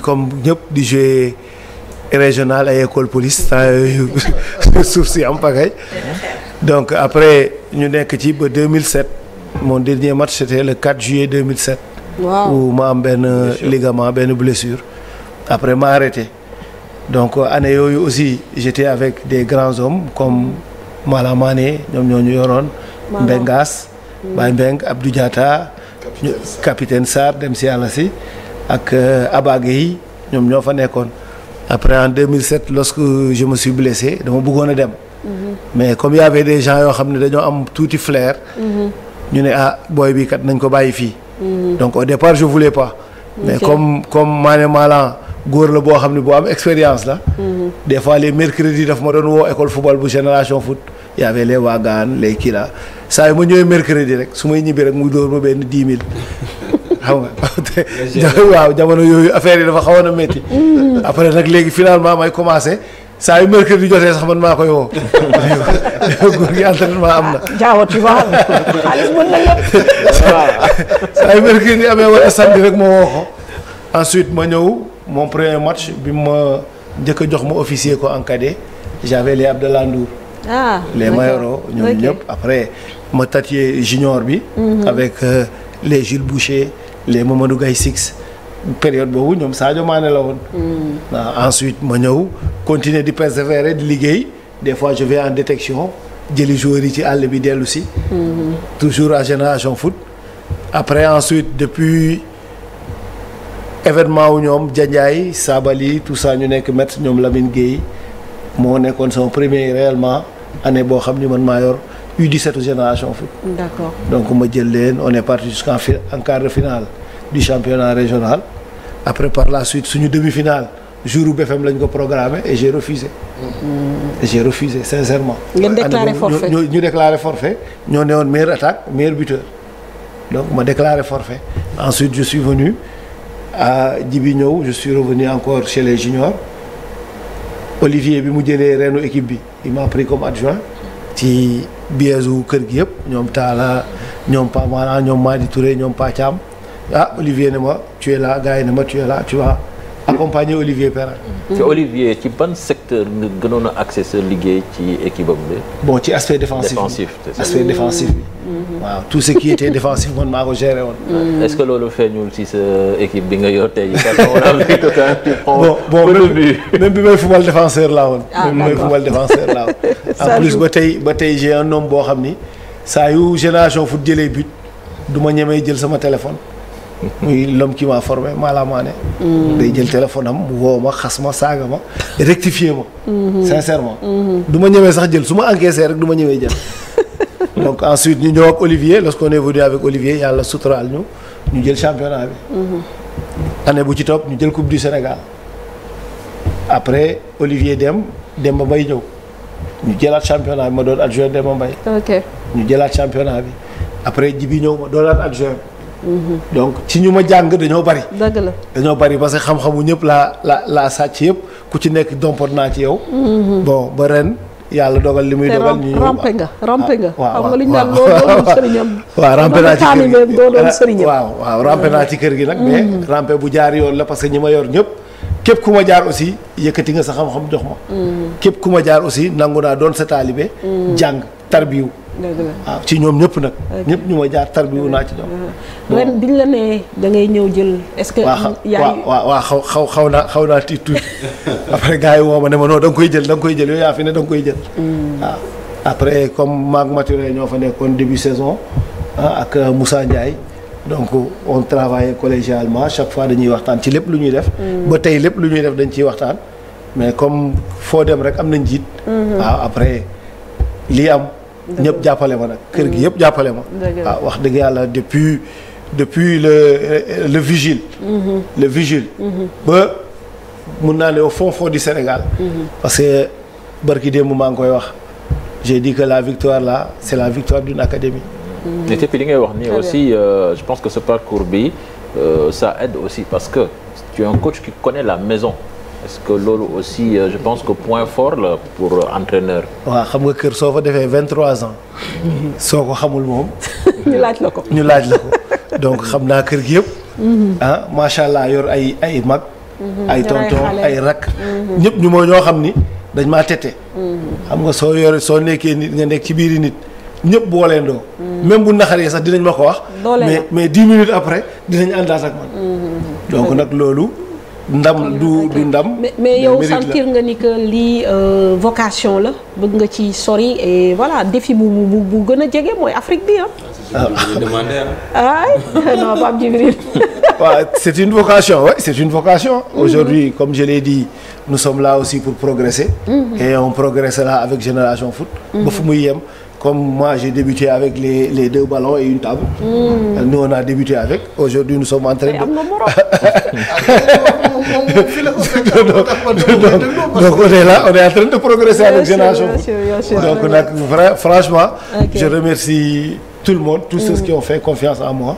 comme ñëpp di jouer régional ay école police temps yooyu suuf si am pagay donc après ñu nekk ci ba 2007 mon dernier match c'était le 4 juillet 2007. waaw où ma am benn ligament benn blessure après ma arrêté donc année yooyu aussi j'étais avec des grands hommes comme Mala ñoom ñoo ñu yoroon. Mbengas mm. Baye Mbeng Abdou Diatta. capitaine dem si yàlla si. ak euh, Aba Gueye ñoom ñoo fa nekkoon après en 2007 lorsque je me suis blessé dama bëggoon a dem. Mhm. mais comme y avait des gens yoo xam ne dañoo am tuuti flair. Mhm. ñu ne ah booy bi kat nañ ko bàyyi fii. Mhm. donc au départ je voulais pas. mais okay. comme comme maa ne góor la boo xam ne boo am expérience la. des fois les daf ma doon woo école football bu génération foot. y avait les waagaan les kila saa yu ma ñëwee mercredi rek su may ñibbi rek mu dóor ma xam nga waaw jamono yooyu affaire yi dafa xaw a métti. Mm. après nag léegi finalement may commencé saa yu mercredi jotee sax man maa koy woo. góor gi entraînement am na. jaawa saa yu mercredi amee wala samedi rek ma woo ko. ensuite ma ñëw mon premier match bi ma njëkk a jox ma officier ko en cadet j'avais les Abdallah Ndour. ah les Mayoro ñoom ñëpp après ma tatier junior bi. Mm-hmm. avec euh, les Jules Boucher. les Mamadou Gaye Six période boobu ñoom Sadio Mané la woon. waaw mm. ah, ensuite ma ñëw continuer di persévérer di liggéey des fois je vais en détection jëli joueurs yi ci àll bi dellusi mm-hmm. toujours à Génération Foot. après ensuite depuis événement wu ñoom Janjaay Sabali tout ça ñu nekk maître ñoom Lamine Guèye moo nekkoon sama premier réellement année boo xam ni man maa yor. U17 génération foot. d'accord donc ma jël leen on est parti jusqu'en en quart de finale du championnat régional après par la suite suñu demi-finale jour BFM lañ ko programmé et j'ai refusé. Mmh. j'ai refusé sincèrement. ñu ñu déclaré forfait ñoo newoon meilleure attaque meilleur buteur donc ma déclaré forfait ensuite je suis venu à Djibi ñëw je suis revenu encore chez les juniors Olivier bi mu jëlee reenu équipe bi il m'a pris comme adjoint ci. biesu kër gi yëpp ñoom Talla ñoom Pa Mara ñoom Madi Touré ñoom Pa Thiam ah Olivier ne ma tu es là gars yi ne ma tu es accompagner Olivier Perrin. te Olivier ci ban secteur nga gënoon accès sa liggéey ci équipe am bi. bon ci aspect défensif défensif aspect défensif bi. waaw tout ce qui était défensif man maa ko géré woon. Mm-hmm. est que loolu feeñul ci bi nga yor tey bon bon même bi may football défenseur laa woon. ah même bi may football défenseur laa woon. en plus ba tey ba tey j'ai un homme boo xam ni saa yu génération foot jëlee but du ma ñemee jël sama téléphone. muy l'homme qui m'a formé Maala Mané. Mm. day jël téléphone am woo ma xas ma saaga ma rectifier ma. Mm-hmm. sincèrement. Mm-hmm. du ma ñëwee sax jël su ma encaissé rek du ma ñëwee jël. donc ensuite ñu ñëw ak Olivier lorsqu'on est venu avec Olivier yàlla suturaal ñu ñu jël championnat bi. Mm-hmm. année bu ci top ñu jël coupe du Sénégal après Olivier dem dem ba may ñëw ñu jëlaat championnat bi ma doon adjoint Demba Mbaye. ok ñu jëlaat championnat bi après Djibi ñëw ma doonaat adjoint. Mm-hmm. donc ci ñu ma jàng dañoo bari. dëgg la dañoo bari parce que xam-xamu ñëpp laa la laa sàcc yëpp ku ci nekk dompoon naa ci yow. Mm-hmm. bon ba ren yàlla dogal li muy dogal. ñu ñëw rampe nga rampe nga. waaw xam nga li waaw rampe naa ci kër gi ah, waaw waaw rampe naa ci kër gi nag. mais mm-hmm. rampe bu jaar yoon la parce que ñi ma yor ñëpp. képp ku ma jaar aussi yëkkati nga sa xam-xam jox ma. képp ku ma jaar aussi nangu naa doon sa taalibe. jàng tarbiyu. waaw ah, ci ñoom ñëpp nag. ñëpp ñu ma jaar tarbiwu naa ci ñoom. Ah. ren biñ la nee da ngay ñëw jël est-ce que. yaa ngi waaw waaw xaw xaw xaw naa xaw naa tiit tuuti après yi woo ma ne ma non da nga koy jël da nga koy jël yow yaa fi ne da nga koy jël. waaw hmm. ah. après comme ñoo fa nekkoon début saison ak euh, Moussa Ndiaye. donc on travaille collégialement chaque fois dañuy waxtaan ci lépp lu ñuy def. Hmm. ba tey lépp lu ñuy def dañ ciy waxtaan mais comme foo dem rek am na njiit. waaw hmm. après li am. ñëpp jàppale ma nag kër gi yëpp jàppale ma ah, wax dëgg yàlla depuis depuis le le mm-hmm. le vigile mm-hmm. ba mun naa ne au fond fond Sénégal mm-hmm. parce que barki maa ngi koy wax j'ai dit que la victoire là c'est la victoire d'une académie et puis li ngay wax ni aussi euh, je pense que ce parcours bi euh, ça aide aussi parce que tu un coach qui connaît la maison est que loolu aussi euh, je pense que point fort la pour euh, entraîneur. waaw xam nga kër soo fa defee vingt trois ans. soo ko xamul moom. ñu laaj la ko ñu laaj la ko donc xam naa kër gi yëpp. Mhm. ah macha allah yor ay ay mag. Mhm. ay tonton ay rakk. Mhm. ñëpp ñu moo ñoo xam ni dañ maa tette. xam nga soo yore soo nekkee nit nga nekk ci biiri nit. ñëpp booleendoo. même bu naxaree sax dinañ ma ko wax. mais mais dix minutes après dinañ àndaat ak man. donc nag loolu. ndam du du ndam. mais yow sentir nga ni que lii euh, vocation la bëgg nga ci sori et voilà défi bu bu gën a jege mooy Afrique bi ah. c'est une vocation oui c'est une vocation. Mhm. aujourd'hui comme je l'ai dit nous sommes là aussi pour progresser. Mhm. et on progressera avec Génération Foot. Mhm. ba fu muy yem. comme moi j'ai débuté avec les deux ballons et une table. Mmh. a débuté avec. Aujourd'hui nous sommes en train de donc on est là on est de progresser avec génération donc nag franchement je remercie tout le monde tous ceux mm. qui ont fait confiance en moi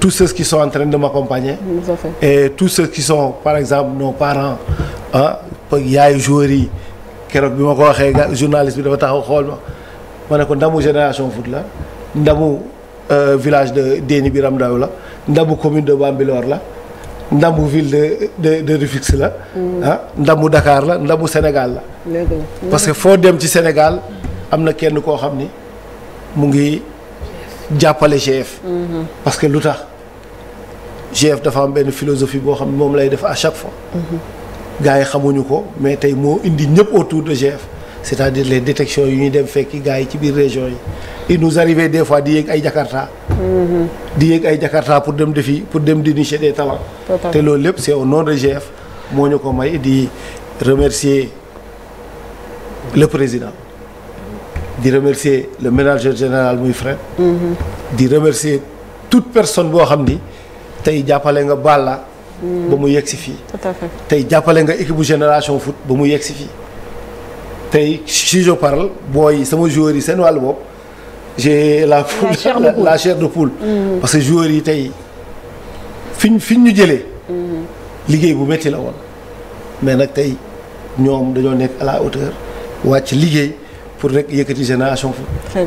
tous ceux qui sont en train de m'accompagner mm, et tous ceux qui sont par exemple nos parents ah yaay joueurs yi keroog bi ma ko waxee journaliste bi dafa taxaw xool ma ma ne ko ndamu génération foot la ndamu euh, village de Déni Biram Ndaw la ndamu commune de Bambilor la ndamu ville de de de Rufisque la. Mm. ah ndamu dakaar la ndamu Sénégal la. parce que foo dem ci Sénégal am na kenn koo xam ni mu ngi jàppale GF. Mm-hmm. parce que lu tax GF dafa am benn philosophie boo xam ne moom lay def à chaque fois. Mm-hmm. gars yi xamuñu ko mais tey moo indi ñëpp autour de GF. c'est-à-dire les détections yu ñuy dem fekki gars yi ci biir région yi il nous arrivait des fois di yéeg ay Jakarta. Mm-hmm. di yéeg ay Jakarta pour dem defi pour dem di dénicher des talents. te loolu lépp c'est au nom de GF moo ñu ko may di remercier le président. di remercier le ménager général muy frère. Mm-hmm. di remercier toute personne boo xam ni tey jàppale nga Balla. Mm. ba mu yegg si fii. tout tey jàppale nga équipe génération foot ba mu yegg si fii. tey si je parle booy sama joueurs yi seen wàllu bopp j'ai la la, la, la chair de poule mm. parce que joueurs yi tey fiñ fiñ ñu jëlee mm. liggéey bu métti la woon mais nag tey ñoom dañoo nekk à la hauteur wàcc liggéey pour rek yëkkati génération foot. très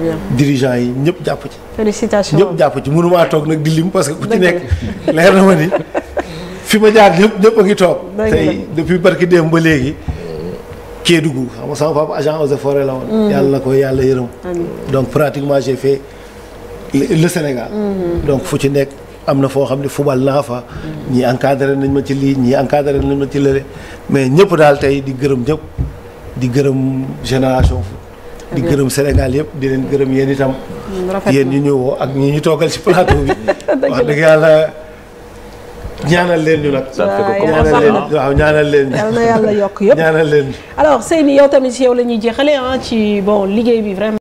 yi ñëpp jàpp ci. félicitations ñëpp jàpp ci mënumaa toog nag di lim parce que ku ci nekk leer na ma ni fi ma jaar ñëpp ñëpp a ngi toog. tey depuis barki démb ba léegi. Kédougou xam nga sama papa agent eaux et forêts la woon. Mm-hmm. yàlla na ko yàlla yërëm. donc pratiquement j'ai fait le Sénégal. Mm-hmm. donc fu ci nekk am na foo xam ne fubal naa fa. Mm-hmm. ñii encadre nañ ma ci lii ñii encadré nañ ma ci lële mais ñëpp daal tey di gërëm ñëpp di gërëm génération foot. di gërëm Sénégal yëpp di leen gërëm yéen itam. yéen ñu ñëwoo ak ñi ñu toogal ci plateau bi. wax dëgg yàlla. ñaanal leen ñu nag. ñaanal leen waaw ñaanal leen ñu. yal na yàlla yokk yëpp ñaanal leen ñu. alors yow tamit yow la ñuy jeexalee ah ci bon liggéey bi vraiment.